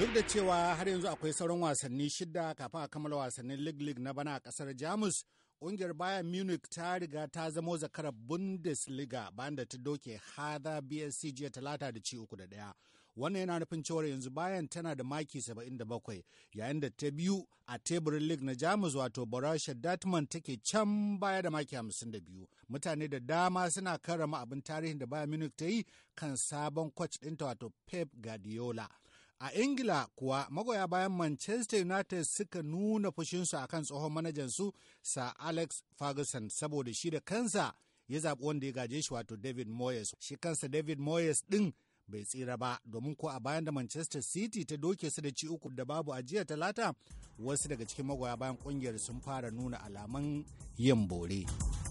Duk da cewa har yanzu akwai sauran wasanni shida kafin a kammala wasannin League League na bana a kasar Jamus, ƙungiyar Bayern Munich ta riga ta zamo zakarar Bundesliga bayan da ta doke Hada BSC jiya talata da ci uku da ɗaya. Wannan yana nufin cewa yanzu bayan tana da maki 77 yayin da ta biyu a teburin lig na Jamus wato Borussia Dortmund take can baya da maki 52. Mutane da dama suna karrama abin tarihin da Bayern Munich ta yi kan sabon coach ɗinta wato Pep Guardiola. A Ingila kuwa magoya bayan Manchester United suka nuna fushinsu a kan tsohon manajansu Sir Alex Ferguson saboda shi da kansa ya zaɓi wanda ya gaje shi wato David Moyes. Shi kansa David Moyes ɗin bai tsira ba domin ko a bayan da Manchester City ta doke su da ci uku da babu a jiya talata wasu daga cikin magoya bayan ƙungiyar sun fara nuna alaman yin bore.